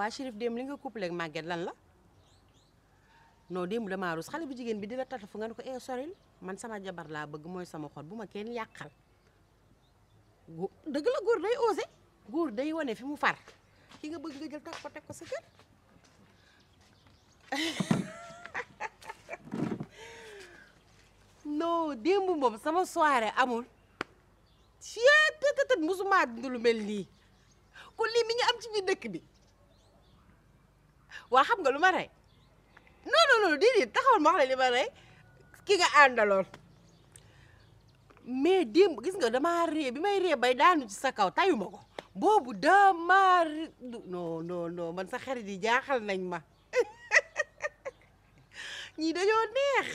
waa Chérif démb li nga couplé ak Maguette lan la non démb damaa rus xale bu jigéen bi di la tatafu nga ne ko eh soril man sama jabar laa bëgg mooy sama xol bu ma kenn yàqal dëgg la góor day osé góor day wane fi mu far ki nga bëgg nga jël takk ko teg ko sa kër non démb sama soirée amul ci tëtët musuma dund lu mel nii kon lii mi ngi am ci biir dëkk bi waa xam nga lu ma rey non non non taxawal ma wax li ma ki nga àndaloon mais démb gis nga damaa ree bi may ree bay daanu ci sa kaw tayu ma ko boobu damaa non non non man sa xarit ji jaaxal nañ ma ñii dañoo neex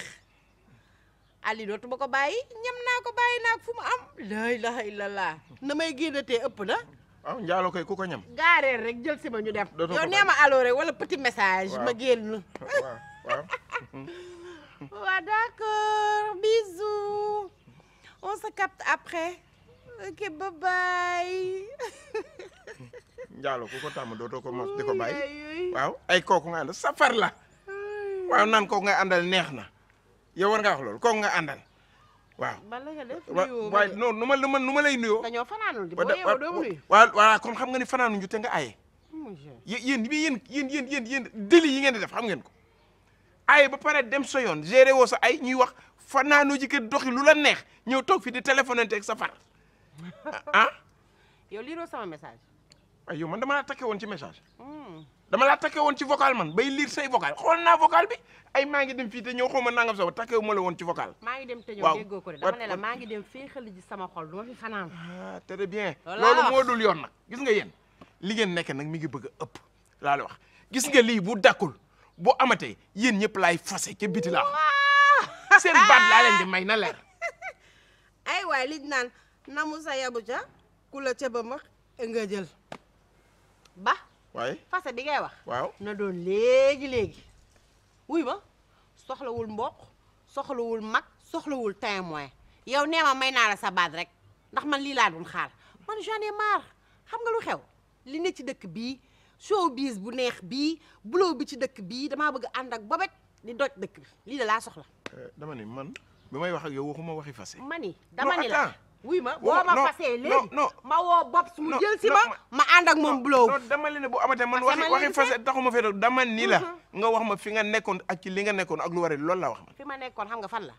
Ali dootu ma ko bàyyi ñam naa ko bàyyi naa ko fu mu am. la ilaha na may génnatee ëpp na. waaw ah, njaalo koy ku ko ñam. gaareel rek jël ma ñu dem. dootoo yow nee ma allo rek wala petit message. ma génn. waaw waaw. waaw d'accord bisous. on se capte après. ok bye bye. njaalo ku ko tàmm dootoo ko mos di ko bàyyi. waaw ay kooku nga àndal safar la. waaw naan kooku nga àndal neex na. yow war nga wax loolu kooku nga àndal. waaw man la nga def nuyoo waaye non nu ma nu ma lay nuyoo. dañoo fanaanul di boo yeewoo doo nuyu. xam nga ni fanaanuñu te nga aye. yéen bi yéen yéen yéen yéen yéen deli yi ngeen def xam ngeen ko. aye ba pare dem sa yoon géré woo sa ay ñuy wax fanaanoo ji kër doxi lu la neex ñëw toog fi di téléphonante ak sa far ah, ah. yow liiroo message. waaye yow man damaa attaqué woon ci message. Hmm. dama laa takke woon ci vocal man bay liir say vocal xool naa vocal bi ay maa ngi dem fii te ñëw xaw ma nangam sax takkewu ma la woon ci vocal. maa ngi dem te ñëw déggoo ko de dama la maa ngi dem féexal ji sama xol du ma fi fanaan. ah très bien. loolu moo dul yoon nag gis nga yéen li ngeen nekk nag mi ngi bëgg a ëpp laa wax gis nga lii bu dakkul bu amatee yéen ñëpp laay fase ca biti laa wax seen baat di may na leer. ay waay liñ naan namu sa yabu ca ku la ca ba mag nga waaye fase bi ngay wax. waaw na doon léegi léegi. wuy ma soxlawul mboq soxlawul mag soxlawul témoin yow nee may naa la sa baat rek ndax man lii laa doon xaar man j'en ai marre xam nga lu xew li ne ci dëkk bii showbiz bu neex bii buloo bi ci dëkk bii damaa bëgg ànd ak bobet di doj dëkk bi lii da laa soxla. Eh, dama ni man bi may wax ak yow waxuma waxi fase. man ni dama ni la wuy ma boo ma fasee léegi ma woo bopp mu jël ma ma ànd ak moom blow non dama leen bu amatee man waxi waxi fase taxuma fee dama nii la mm-hmm. nga wax ma fi nga nekkoon ak ci li nga nekkoon ak lu waree loolu la wax ma fi ma nekkoon xam nga fan la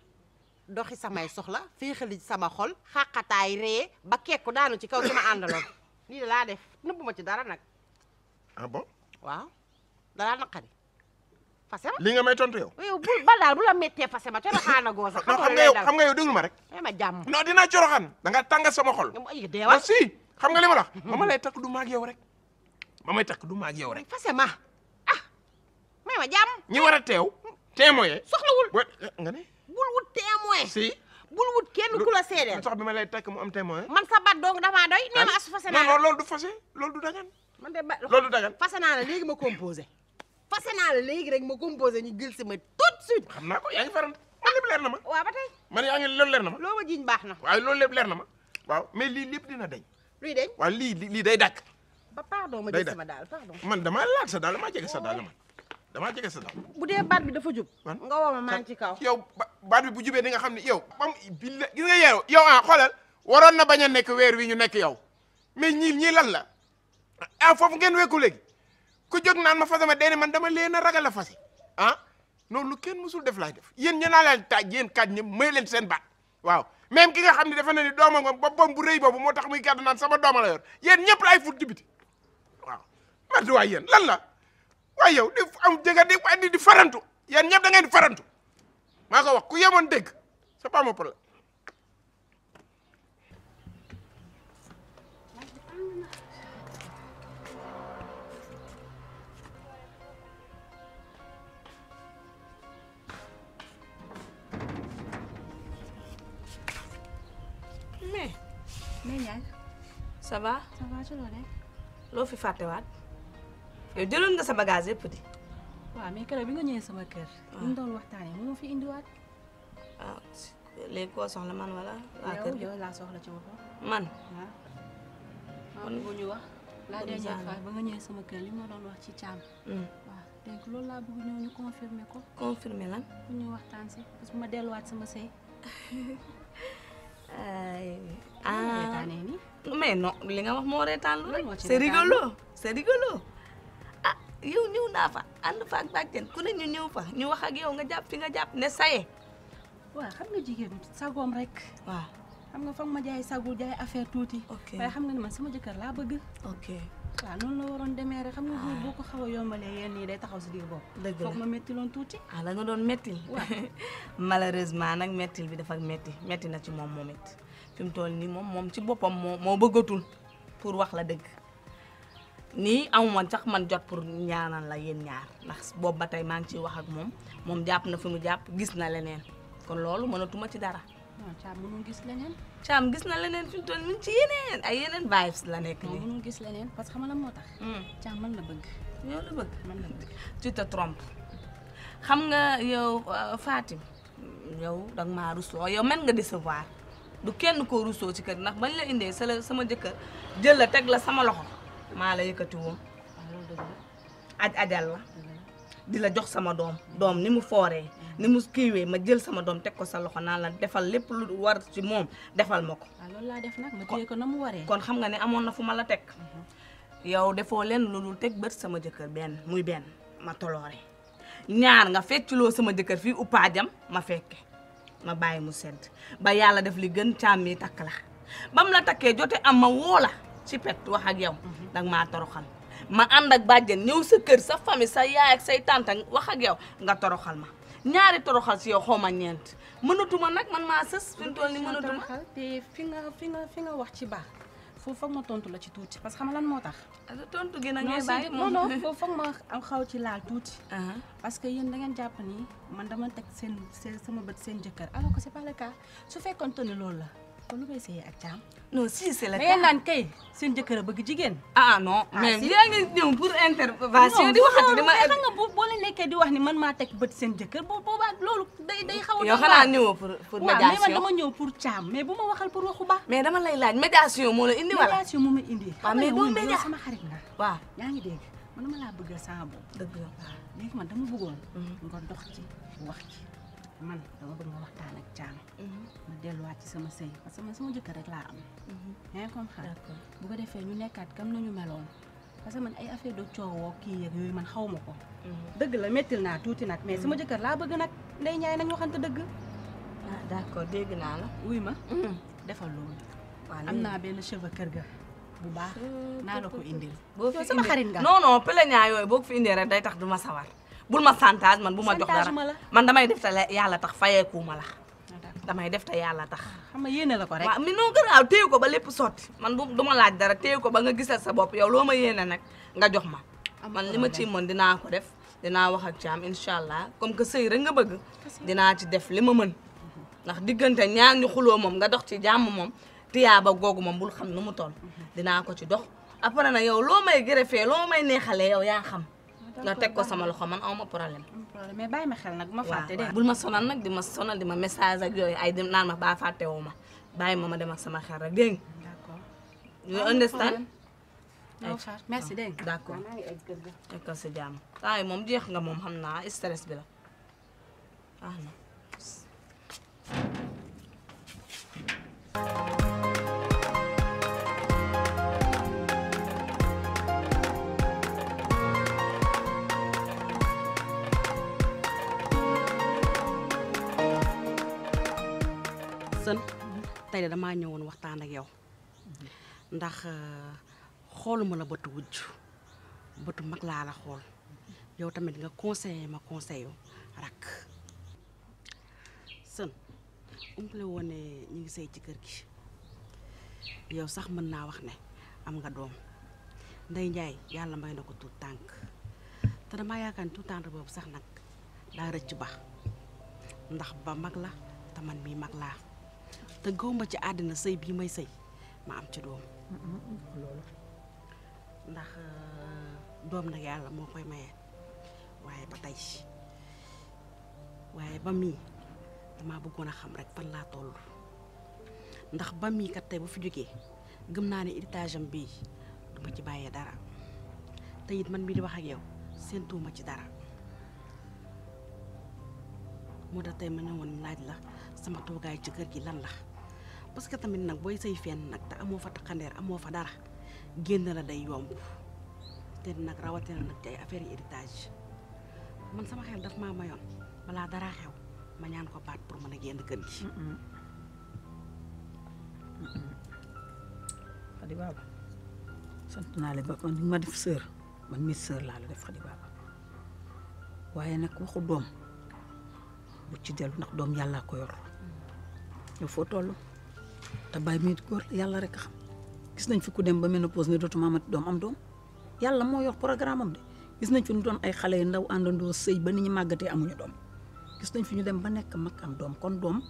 doxi samay soxla fii féexali sama xol xaqataay ree ba kekku daanu ci kaw ci ma àndaloon nii laa def nëbbuma ci dara nag ah bon waaw dalaa naqari fase ma li nga may tontu yow. yow bu ba daal bu la fase ma coroxaan a goosa. xam nga yow xam nga yow déglu ma rek. Eh, ma jàmm non dinaa coroxaan da nga tànga sama xol. ay si xam nga li ma la wax. Mm-hmm. ma lay takk du maag yow rek. ba may takk du maag yow rek. fase ma ah may ma jàmm. ñi war a teew. témoin soxlawul eh, nga ne. bul wut témoin bul wut kenn ku la seedeel. sax bi ma lay takk mu am témoin. man sa bat dong damaa doy. Ah. nee ma asu fase naa la loolu du fase loolu loolu du dagan fase ma composé. fase naa la léegi rek ma composé ñu gil ma tout de suite. xam naa ko yaa ngi faral man lépp leer na ma. waa ba tey. man yaa ngi loolu leer na ma. loo jiñ baax na. waaye loolu lépp leer na ma waaw mais lii lépp dina deñ. luy deñ waaw lii lii day dàkk. ba pardon ma jël sama daal pardon. man damaa laal sa daal damaa jege sa daal man damaa jege bu dee baat bi dafa jub. nga woo ma maa ngi ci kaw. yow baat bu jubee di nga xam ne yow. bam bi la gis nga yow yow ah xoolal waroon na bañ a nekk weer wi ñu nekk yow mais ñii ñii la ah, foofu ngeen wekku léegi ku jóg naan ma fasama dee man dama leen a ragal a fas ah noonu lu kenn mësul def laay def yéen ña naa leen taaj yéen kaaj ñëpp may leen seen baat waaw même ki nga xam ne dafa ne ni doomam moom boppam bu rëy boobu moo tax muy gàdd naan sama dooma la yor yéen ñëpp laay fut dibiti waaw mardi waay yéen lan la waaye yow di am jega di di farantu yéen ñëpp da ngeen di farantu maa ko wax ku yemoon dégg c'est pas mon problème Ndeye Ndiaye. ça va. ça va loo nekk. loo fi fàttewaat. yow jëloon nga sa bagage yëpp di. waaw mais keroog bi nga ñëwee sama kër. Ah. li mu doon waxtaanee moo fi indiwaat. ah léegi koo man wala. waa kër yow soxla ci boppam. man. waaw ah. man bu wax. laa dernière fois ba nga ñëwee sama kër li ma doon wax ci caam. Mm. waaw donc loolu laa bëgg ñëw ñu confirmer ko. confirmer lan. bu ñu waxtaan si parce ma delluwaat sama sëy. ah mais non li nga wax moo reetaan lu rek c'est rigolo c'est rigolo ah yow ñëw naa fa ànd fa ak bàjjen ku ne ñu ñëw fa ñu wax ak yow nga jàpp fi nga jàpp ne saye waaw xam nga jigéen sagoom rek waaw xam nga foog ma jaay sagu jaay affaire tuuti. waaye xam na ni man sama jëkkër laa bëgg. ok waaw noonu la waroon demee rek xam nga góor ah. a yombalee yenn yi day taxaw si biir bopp. dëgg la ma métti tuuti. ah la nga doon méttil. waaw nag méttil bi dafa métti métti na ci moom moom it fi mu toll nii moom moom ci boppam moo moo bëggatul pour wax la dëgg. nii amuman sax man jot pour ñaanal la yéen ñaar ndax boobu ba tey maa ngi ciy wax ak moom moom jàpp na fi mu jàpp gis na leneen kon loolu mënatuma ci dara. non Thiam mënul gis leneen. Thiam gis na leneen fi mu toll ci yeneen ay yeneen vibes la nekk nii. mënul gis leneen parce que xam nga moo tax. Thiam hmm. man na bëgg. yow la bëgg man te trompes xam nga yow euh, Fatim yow da maa rusoo yow mën nga décevoir du kenn koo rusoo ci kër ndax bañ la indee sa la sama jëkkër jël la teg la sama loxo maa la yëkkati woon. Ah, aj ajal la. di la jox sama doom doom ni mu fooree ni mu kiiwee ma jël sama doom teg ko sa loxo naa la defal lépp lu war ci moom defal ma ko. waaw ah, loolu def nag ko na mu waree. kon xam nga ne amoon na fu ma la teg mhm. yow defoo leen lu dul teg bët sama jëkkër benn muy benn ma toloore ñaar nga fecculoo sama jëkkër fii upaajam ma fekke ma bàyyi mu sedd ba yàlla def li gën càmm yi takk la bam la takkee jote am ma woo la ci pet wax ak yow. Mhm. danga maa toroxal. ma ànd ak bàjjen ñëw sa kër sa famille sa yaay ak say tante wax ak yow nga toroxal ma ñaari toroxal si yow xaw ma ñeent mënatuma nag man maa sës fi mu toll nii mënatuma te fi nga fi nga fi nga wax ci baax foofu foog ma tontu la ci tuuti parce que xam lan moo tax. tontu gi na ngay bàyyi non non foofu foog ma am xaw ci laal tuuti. Uh-huh. parce que yéen da ngeen jàpp nii man dama teg seen seen sama bët seen jëkkër alors que c'est pas su fekkoon ne loolu la. kon lu may sëyee ak caam. non si la mais naan kay seen jëkkër a bëgg jigéen. ah, ah non ah, mais yaa ngi ñëw pour intervention. di waxati dama xam nga di wax ni man maa teg bët seen jëkkër boo boobaa loolu day day xaw a. yow xanaa ñëwoo pour mais man dama ñëw pour caam mais bu ma waxal pour waxu baax. mais dama lay laaj médiation moo la indi wala. médiation moo ma indi. waaw ah, mais bu média sama xarit nga. waaw yaa ngi dégg man dama laa bëgg a saabu. dëgg la waaw léegi man dama bëggoon. Mm-hmm. nga dox ci wax ci man dama bëgg nga waxtaan ak Thiam. Mm-hmm. ma delluwaat ci sama sëy parce que man sama jëkkër rek laa am. Mm-hmm. yaa ngi bu ko defee ñu nekkaat kam nañu meloon. parce que man ay affaire de coowoo kii yeeg yooyu man xaw ma ko. Mm-hmm. dëgg la méttil naa tuuti nag mais sama jëkkër laa bëgg nag ndey ñaay nañu waxante dëgg. ah d' accord dégg naa la. ma. defal loolu. waaw am naa benn cheveux kër ga. bu baax naa la ko boo fi indil xarit nga. non non pële ñaa yooyu boo ko fi indee rek day tax du ma sawar. bul ma chantage man bu ma jox dara man damay def te yàlla tax fayeeku ma la damay def te yàlla tax xam nga yéene la ko rek waaw mi non gën téye ko ba lépp sotti man bu du ma laaj dara téye ko ba nga gisal sa bopp yow loo ma yéene nag nga jox ma man li ma ci mën dinaa ko def dinaa wax ak caam incha allah comme que sëy rek nga bëgg dinaa ci def li ma mën ndax diggante ñaar ñu xuloo moom nga dox ci jàmm moom ba googu moom bul xam nu mu toll mhm. dinaa ko ci dox après nag yow loo may greffé loo may neexalee yow yaa xam nga teg ko sama loxo man awma problème. problème mais ma xel nag bu ma fàtte de. bul ma sonal nag di ma sonal di ma message ak yooyu ay dem naan ma baa fàtte woo ma bàyyi ma ma dem sama xel rek dégg nga. d'accord you understand. merci dégg nga. d'accord moom jeex nga moom xam naa stress bi la sën tey de damaa ñëwoon waxtaan ak yow ndax euh, xooluma la bëtu wujj bëtu mag laa la xool yow tamit nga conseillé ma conseil rakk sën umpale woon ne ñu ngi sëy ci kër gi yow sax mën naa wax ne am nga doom Ndey Njaay yàlla may na ko tuut tànk te damaa yaakaan ne tuut tànk boobu sax nag daa rëcc ba ndax ba mag la te mii mag laa te gawma ci àddina sëy bii may sëy ma am ci doom ndax euh, doom nag yàlla moo koy maye waaye ba tey waaye ba mii damaa bëggoon a xam rek fan laa toll ndax ba mii kat tey bu fi jógee gëm naa ne héritage bii du ci bàyyee dara te it man mii di wax ak yow séentuwuma ci dara moo tax tey ma ñëwoon laaj la sama toogaay ci kër gi lan la parce que tamit nag booy sëy fenn nag te amoo fa takkandeer amoo fa dara génn la day yomb te nag rawatina nag ci ay affaire yi héritage man sama xel daf maa mayoon balaa dara xew ma ñaan ko baat pour mën a génn kër gi. Xadi Baba sant naa la ba man ma def sœur man mi sœur laa la def Xadi Baba waaye nag waxu doom bu ci dellu ndax doom yàllaa ko yor mm. yow foo toll. te bàyyi muy góor yàlla rek xam gis nañ fi ku dem ba ménopause ne dootuma amati doom am doom yàlla moo yor programme am de gis nañ fi ñu doon ay xale yu ndaw àndandoo sëy ba ni ñu màggatee amuñu doom gis nañ fi ñu dem ba nekk mag am doom kon doom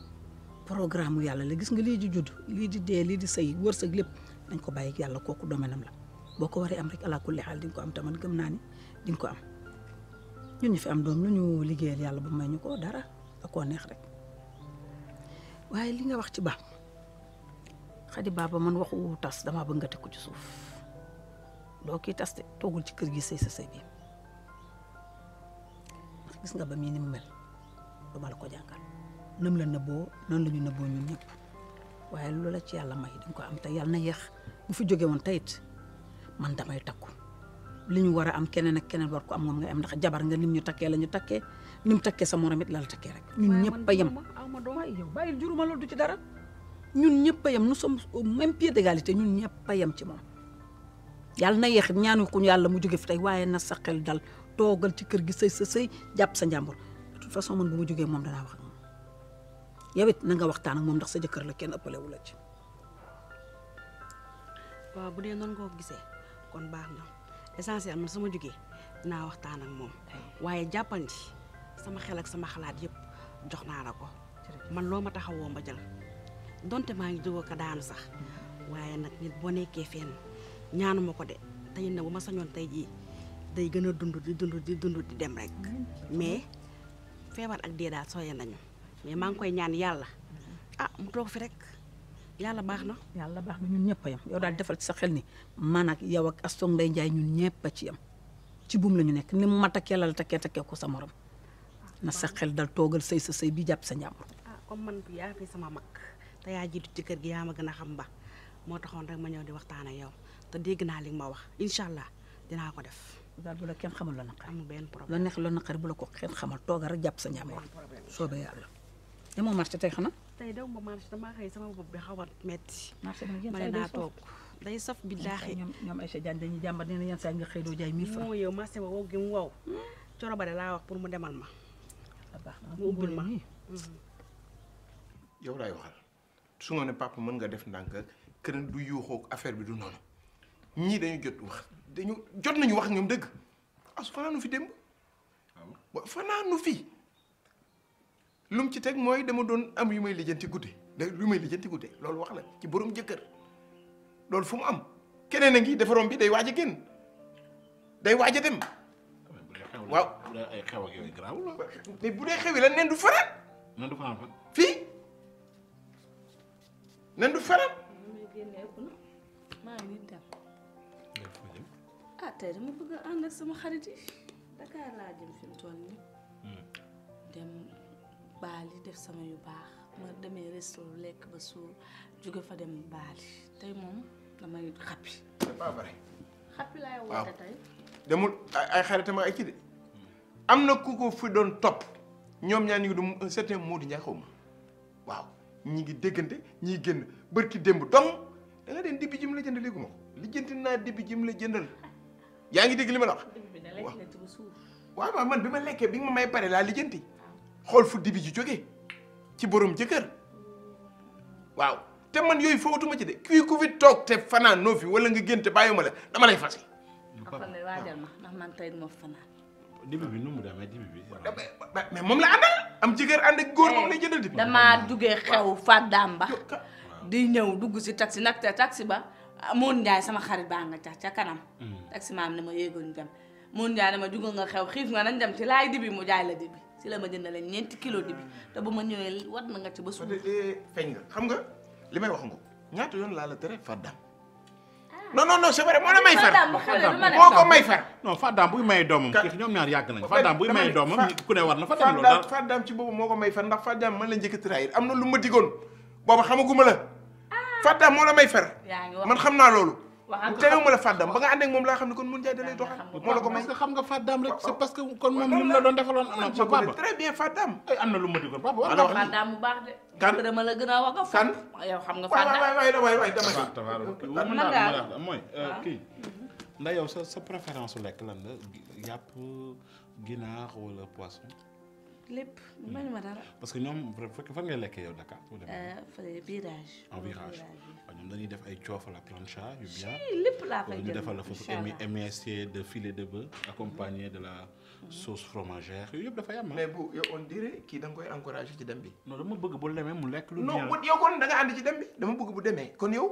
programme mu yàlla la gis nga lii di judd lii di dee lii di sëy wërsëg lépp nañ ko bàyyi yàlla kooku domenam la boo ko waree am rek ala kulli xaal di nga ko am tamit gëm naa ni di ko am ñun ñu fi am doom lu ñu liggéeyal yàlla bu may ñu ko dara da koo neex rek waaye li nga xadi baaba man waxu tas damaa bëgg nga teg ko ci suuf doo kii tas de toogul ci kër gi sëy sa sëy bi ndax gis nga ba mii ni mu mel du ma la ko jàngal nam la nëbboo noonu la ñu nëbboo ñun ñëpp waaye lu la ci yàlla may di ko am te yàlla na yéex bu fi jóge woon tayit man damay takku li ñu war am keneen ak keneen war ko am moom nga am ndax jabar nga nim ñu takkee la ñu takkee nim takkee sa morom it la la takkee rek ñun ñëpp a ñun ñëpp a yem nous sommes au même pied d'égalité ñun ñëpp a yem ci moom yàlla na yeex ñaanu ko yàlla mu jóge fi tey waaye na sa xel dal toogal ci kër gi sëy sa sëy jàpp sa njàmbur de façon man bu ma jógee moom danaa wax ak moom yow it na nga waxtaan ak moom ndax sa jëkkër la kenn ëppale wu la ci. waaw bu dee noonu nga ko gisee kon baax na essentiel man sama jógee dinaa waxtaan ak moom waaye jàppandi sama xel ak sama xalaat yëpp jox naa la ko man loo ma taxawoo ma jël. donte maa ngi jógoo ko daanu sax waaye nag nit boo nekkee fenn ñaanu ma ko de tey na bu ma sañoon tey jii day gën a dund di dundu di dund di dem rek mais feebar ak dee daal sooyee nañu mais maa ngi koy ñaan yàlla ah mu toog fi rek yàlla baax na. yàlla baax na ñun ñëpp a yem yow daal defal ci sa xel ni man ak yow ak Astou day Ndiaye ñun ñëpp ci yem ci buum la ñu nekk ni ma takkee la la takkee takkee ko sa moroom ah, na sa xel dal toogal sëy sa sëy bi jàpp sa njàmbur. ah comme man yaa fi sama mag. te yaa jiitu ci kër gi yaa ma gën a xam ba moo taxoon rek ma ñëw di waxtaan a yow te dégg naa li ma wax incha allah dinaa ko def. daal bu la kenn xamal la naqari. amul benn problème lu neex lu naqari bu la ko kenn xamal toogal rek jàpp sa ñaamor. soobee yàlla. demoo marché tey xanaa. tey daw ma marché damaa sama bopp bi xaw a metti. marché dama jënd naa toog day saf bi daaxee. ñoom ñoom Aïcha Diagne dañuy jàmbat nee na yenn saa nga xëy doo jaay 1000 francs. moo yow marché ba wow gi laa wax pour mu demal ma. Ah, mu ma su nga ne papa mën nga def ndànk kër du yuuxoo affaire bi du noonu ñii dañu jot wax dañu jot nañu wax ñoom dëgg asu ah, fanaanu fi démb ah waaw fanaanu fi lu mu ci teg mooy dama doon am yu may lijjanti gudde da yu may lijjanti gudde loolu wax la ci borom jëkkër loolu fu mu am keneen a ngi defaroom bi day waaj a génn day waaj a dem ah, waaw bu dee ay xew ak yooyu la mais bu dee xew yi la neen du fanaan neen nen du feneen. maa ngi dem. ah tey dama bëgg a sama xarit yi Dakar laa jëm fi mu nii. Hmm. dem Bali def sama yu baax ma demee resto lekk ba suur jóge fa dem Bali tey moom damay xappi. c'est pas xappi laay woote tey. demul ay xaritama ay ci de am na ku ko fi doon topp ñoom ñaan yu du certain Modou Ndiaye xaw waaw. ñi ngi déggante ñiy génn bërki démb dong da nga den dibi jim la jënd léeguma ko lijjanti naa dibi la jëndal yaa ngi dégg li ma la wax waaw waaw man bi ma lekkee bi nga ma may pare laa lijjanti xool fu dibi ji jógee ci borom jëkkër waaw te man yooyu fawatuma ci de kuy ku fi toog te fanaan noo wala nga génn te bàyyi ma la dama lay fase. waaw man tey duma fanaan. dibi bi nu mu demee dibi bi. mais moom la àndal am jëkkër ànd ak góor moom lay jëndal dibi. damaa duggee xew fàddaam ba di ñëw dugg si taxi nag te taxi ba Moon Ndiaye sama xarit baa nga tax ca kanam. Mm. taxi maam ne ma yéegoon dem Moon Ndiaye dama dugg nga xew xiif nga nañ dem ci laay dibi mu jaay la dibi si la ma jënd leen ñeenti kilo dibi te bu ma ñëwee wat na nga ci ba suuf. Eh, feeñ nga xam nga li may wax nga ñaata yoon laa la tere fàddaam non non non c'est vrai moo la may far moo ko may far non Fadam buy may doomam ñoom ñaar yàgg nañ Fadam buy may doomam ku ne war na Fadam loolu daal Fadam ci boobu moo ma may far ndax Fadam man la a trahir am na lu ma digoon booba ah. man xam naa loolu teewuma la fàddaam ba nga ànd moom laa xam ne kon mun jaay lay doxal moo la ko may xam nga fàddaam moom la doon defaloon eh, am na lu ma digoon papa wax na fàddaam bu baax de kan dama la gën a wax nga yow xam mooy euh, kii ndax yow sa sa préférence u lekk lan la yàpp ginaar wala poisson lépp mën hmm. ma dara parce que ñoom bu fekkee fan ngay lekk yow Dakar euh, fële virage en virage ñoom dañuy def ay coof à la plancha yu lépp laa fay ñu defal la foofu émietté de filet de bœuf accompagné de la sauce fromagère yooyu yëpp dafay am mais bu yow on dirait kii da nga koy encouragé ci dem bi. non dama bëgg bu lemee mu lekk lu. non yow kon da nga ànd ci dem dama bëgg bu demee kon yow.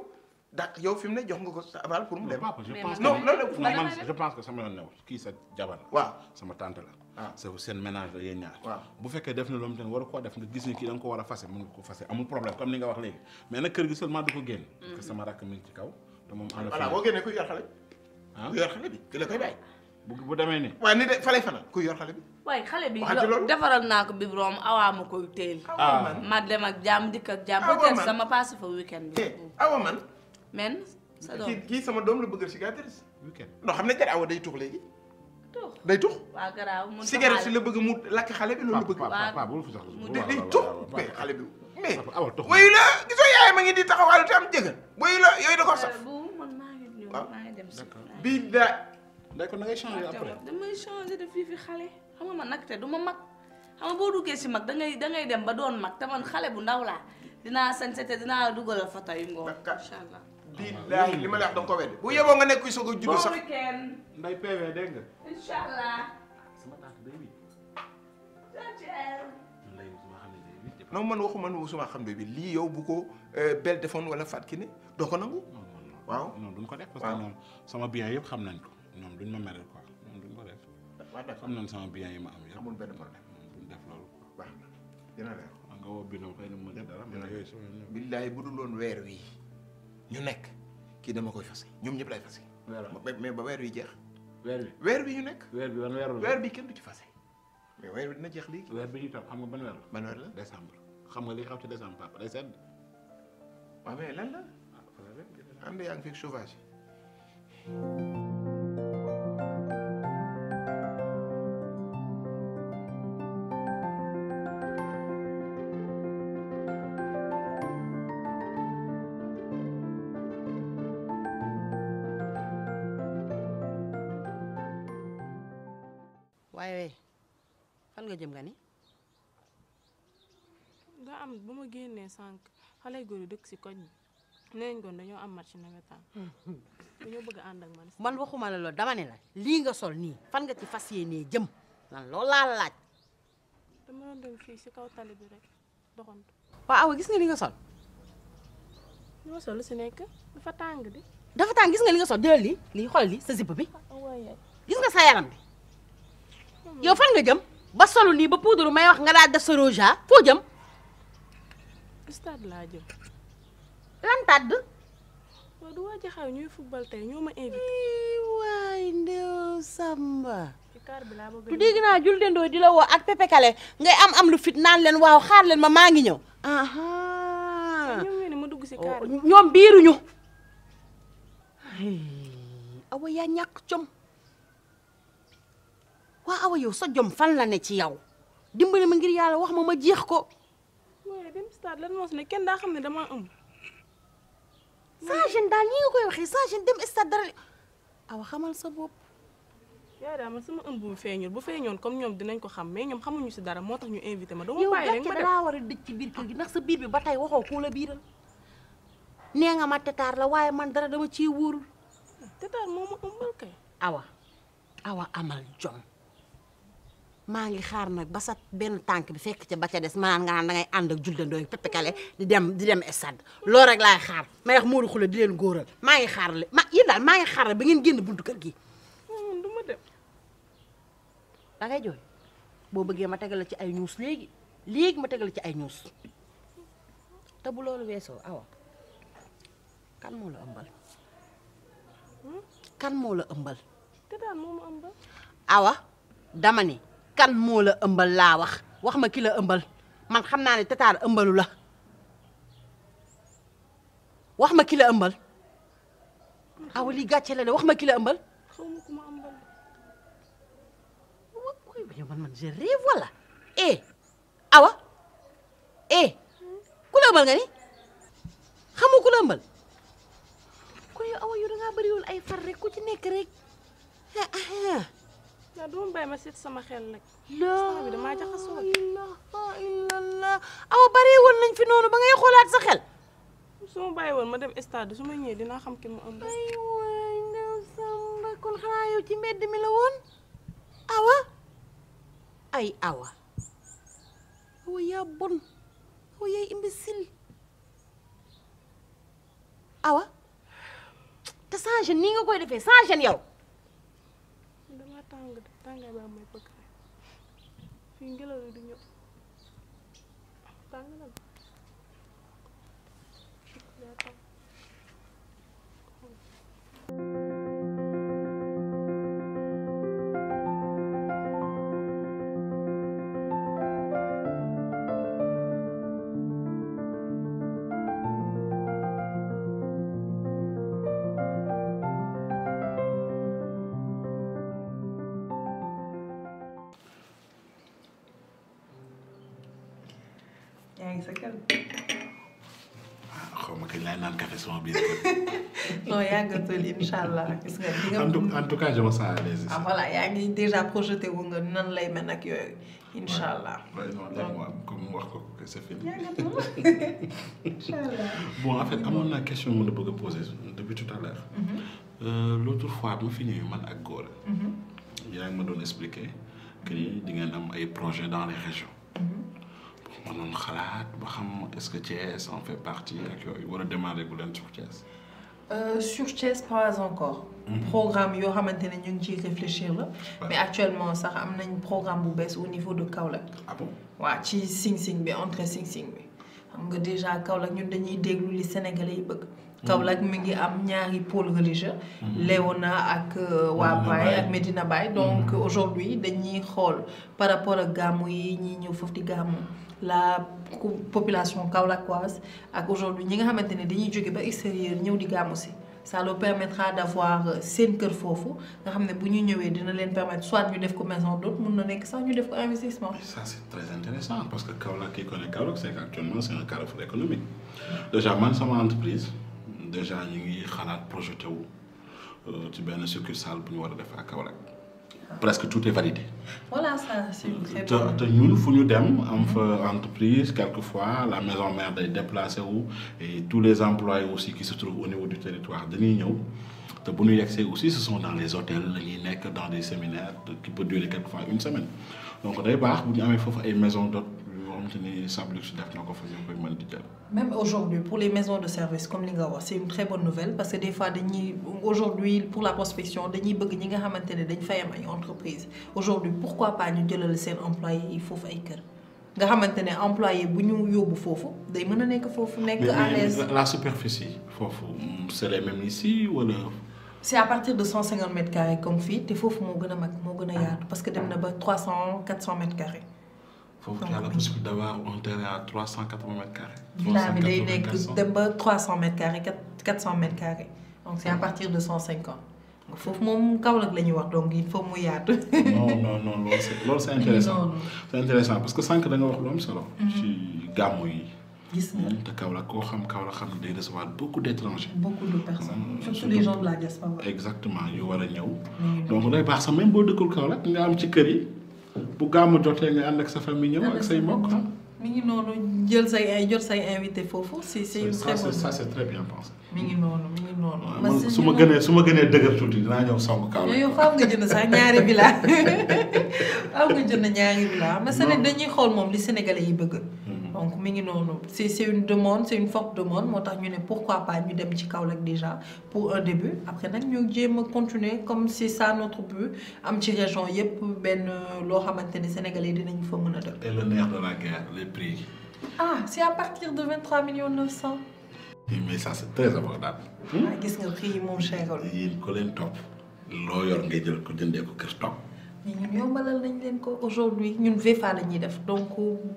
dàq yow fi ne jox nga ko sa aval pour mu dem. non man je pense que sama yoon new kii sa jabar waaw sama tante la. Ah. waaw sa la na loolu tamit a fase mën nga ko mm-hmm. sama rakk na voilà boo génnee ah? la de fa lay fanal kuy yor xale bi. waaye xale bi defaral naa ko biberon awaa ma koy téel. awa man ah. ma dem ak sama passé fa weekend bi. Eh, awa man men sa doom kii sama doom la bëggal cigarette. weekend non xam ne Awa day tux léegi. tux day tux. waaw garaaw mun cigarette la bëgg mu lakk xale bi loolu la bëgg. waaw bul fi xale bi mais. awa tux wayu la gisoo yaay ma ngi di taxawaalu te am jëkkër. wayu la yooyu euh, man maa ngi ñëw maa bii da. na ngay changer après. damay fii fi xale xam nga man nag te du ma mag. xam nga boo duggee si mag dangay dangay dem ba doon mag te man xale bu ndaw laa dinaa sañ te dinaa dugal photo yu ngoon incha allah billaahi li ma la wax danga ko weddi bu yeboo nga nekk kuy soog a juddu sax nday PV dégg nga. sama man waxu man suma xam ne bi lii yow bu ko euh, bel defoon wala fat ki ne doo ko nangu. waaw non duñ ko def parce que ñoom sama bien yëpp xam nañ ko ñoom duñ ma mereel quoi ñoom duñ ko def. xam nañ sama bien yi ma am yëpp. na dina bi xëy na bu dul woon weer wi. ñu nekk kii dama koy fas yi ñoom ñëpp lay fas yi mais ba weer wi jeex weer bi weer bi ñu nekk weer bi ban weer weer bi kenn du ci fas mais weer dina jeex léegi weer bi ñu toog xam nga ban weer la ban weer la décembre xam nga li xaw ci décembre papa day sedd waaw mais lan la ah, ànd yaa ngi fi chauffage ay góor yu dëkk si koñ bi nee nañ kon dañoo am match nawetaan dañoo bëgg a ànd ak man. man waxuma la loolu dama ne la lii nga sol nii fan nga ci fas yéenee jëm lan loolu laa laaj. dama doon dem fii si kaw tali bi rek doxantu. waaw nga sol. li ma sol nekk dafa tàng di. dafa tàng gis nga li nga sol jëlal lii lii xool lii sa zip bi oh, gis nga sa yaram bi hmm. yow fan nga jëm ba solu nii ba poudre may wax nga daal def sa ah, foo jëm. stade laa jëm. lan tàdd. waaw du waa jaxaw ñuy football tey ñoo ma invité. waay ndew Samba. du dégg naa jul dendoo di la woo ak Pepe ngay am am lu fit leen waaw xaar leen ma maa ngi ñëw. ñoom ma dugg si kaar oh, biiruñu. awa yaa ñàkk jom waa awa yow sa jom fan la ne ci yow dimbali ma ngir yàlla wax ma ma jeex ko. stade lan moo ne kenn daa xam ne damaa ëmb. saa daal ñi nga koy waxee saa jeune dem stade dara awa xamal sa bopp. yaa daa man sama ëmb bu feeñul bu feeñoon comme ñoom dinañ ko xam mais ñoom xamuñu si dara moo tax ñu invité ma. dama bàyyi rek ma def war a dëj ci biir kër gi ndax sa biir bi ba tey waxoo koo la biiral. nee nga ma tetaar la waaye man dara dama ciy wóorul. tetaar moo ma ëmbal kay. awa awa amal jom. maa ngi xaar nag ba sa benn tànk bi fekk ca ba ca des maanaam nga naan dangay ànd ak juldandoo yi peppekale di dem di dem lool loolu rek laay xaar ma wax Modou di leen góoral maa ngi xaar la ma maa ngi xaar la ba ngeen génn buntu kër gi. man hmm, du ma dem. dangay jooy boo bëggee ma tegal la ci ay ñuus léegi léegi ma tegal la ci ay ñuus te loolu weesoo awa kan moo la ëmbal. Hmm? kan moo la ëmbal. awa dama kan moo la ëmbal laa wax wax ma ki la ëmbal man xam naa ne tataar ëmbalu la wax ma ki la ëmbal awa lii gàcce la de wax ma ki la ëmbal. xaw ma ku ma ëmbal. waaw man man je rêve wala eh awa eh ku la ëmbal nga ni xamu ku la ëmbal. kon yow awa yow da ngaa bëriwoon ay far rek ku ci nekk rek. Ah, ah, ah. waaw doomu bay ma seet sama xel nag. loolu damaa jaxasoo la awa bari woon nañ fi ba ngay xoolaat sa xel. su woon ma dem stade su ma ñëwee dinaa xam ki mu ci mbedd mi la woon. awa ay awa. awa te sans gêne nga koy defee sans gêne yow. tàng tàngaay ba may bëgg rek fii ngelaw li di ñëw tàng na yaa ngi sa kër. ah xaw ma kañ laay naan café sama biir kër. non yàggatul incha en tout en tout cas je me sens ah, voilà yaa ngi projeté wu nga nan lay mel ak yooyu. incha allah vraiment comme wax ko que c'est fini. incha allah. amoon naa question mën a bëgg a depuis tout à l'heure mhm. euh, fois bu fi man ak góor. Mhm. yaa ngi ma doon expliquer que ni di ngeen ay projets dans les régions. Mhm. ma doon xalaat ba xam est-ce que Thiès en fait partie ak yooyu war a démarrer bu leen sur Thiès. Euh, sur Thiès pas encore. Mhm. programme yoo xamante ne ñu ngi ciy réfléchir la. mais actuellement sax am nañ programme bu bees au niveau de Kaolack. ah waaw ci Sing Sing bi entrée Sing Sing bi. xam nga déjà Kaolack ñun dañuy déglu li Sénégalais yi bëgg. Mm-hmm. Kaolack mi ngi am ñaari pole pôle religieux. Mm-hmm. na ak euh, waa Baye ak Medina Baye. Mm-hmm. donc aujourd'hui dañuy xool par rapport ak gàmmu yi ñi ñëw foofu di gàmmu la population kaolackoise ak aujourd'hui ñi nga xamante ne dañuy jóge ba extérieur ñëw di gàmmu si. ça leur permettra d'avoir euh, seen kër foofu nga xam ne bu ñu ñëwee dina leen permettre soit ñu def ko maison d'hôte mun na nekk sax ñu def ko investissement. ça c'est très intéressant parce que Kaolack qui connaît Kaolack c'est actuellement c'est un carrefour économique déjà man sama entreprise déjà ñu ngi xalaat projeté wu euh, ci benn succursale bu ñu war a def à Kaolack. presque tout est validé. voilà ça c'est très bien te ñun fu ñu dem am fa entreprise quelquefois la maison mère day déplacé wu et tous les employés aussi qui se trouvent au niveau du territoire dañuy ñëw te bu ñu yegsee aussi ce son dans les hôtels la ñuy nekk dans des séminaires qui peut durer quelquefois une semaine donc day baax bu ñu amee foofu ay maison d'hôtes xamante ni Sablux def na ko fa ñu koy mën di jël. même aujourd'hui pour les maisons de service comme li nga wax c'est une très bonne nouvelle parce que des fois dañuy aujourd'hui ñi nga xamante ne dañ fay am ay entreprises aujourd'hui pourquoi pas ñu jëlal seen employé yi foofu ay kër. nga xamante ne employé bu foofu day mën a nekk foofu nekk à la superficie foofu mm, c'est les mêmes ici wala. c'est à cent cinquante mètres carrés comme fii te foofu moo gën a mag moo gën a yaatu parce que dem na ba trois cent quatre cent mètres foofu y a la possibilité d'avoir un terrain à trois cent quatre vingt mètres carrés. villa day nekk dem ba trois cent mètres carrés quatre cent mètres carrés donc c' partir de cent cinquante. foofu moom Kaolack la ñuy wax donc il faut mu yaatu. non non non loolu c' intéressant c' intéressant parce que sànq da nga wax lu am solo. Mhm. ci gàmmu yi. gis nañu te Kaolack koo xam Kaolack xam ne day recevoir beaucoup d' étrangers. beaucoup de personnes surtout les gens de la diaspora. exactement yu war a ñëw. donc bu gàmmu jotee nga ànd ak sa famille ñëw ak say mbokk. ngi noonu jël say ay jot say invité foofu si si. très bon ça c'est très bien pensé. ngi noonu mi ngi noonu. Ah, su ma gënee su ma gënee dëgër tuuti dinaa ñëw song kaw. yow faaw nga jënd sax ñaari villa faaw nga jënd ñaari villa. non mais dañuy xool moom li Sénégalais yi bëgg. donc mi ngi noonu c'est c'est une demande c'est une forte demande moo tax ñu ne pourquoi pas ñu dem ci kaw Kaolack déjà pour un début après nag ñu jéem a continuer comme si ça notre but am ci région yépp benn loo xamante ne Sénégalais dinañ fa mën a dëkk. et le nerf de la guerre les prix. ah c'est à partir de vingt trois millions neuf cent. mais ça c'est très abordable. ah gis nga prix yi moom cherul. yéen ko leen topp loo yor ngay jël ko jëndee ko kër topp. mais ñun yombalal nañ leen ko aujourd'hui ñun VFA la def donc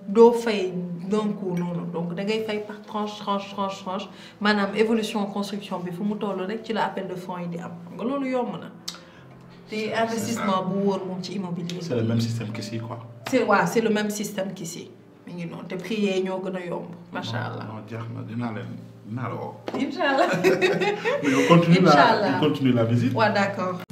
doo fay donc noonu donc da ngay fay par tranche tranche tranche tranche maanaam évolution construction bi fu mu toll rek ci la appel de fonds yi di am xam nga loolu yomb na. te investissement bu wóor moom ci immobilier. c'est le même système qu'ici quoi. c'est le même système qu'ici mi ngi noonu te prix yee ñoo gën a yomb macha allah. non jeex na dinaa leen incha allah mais on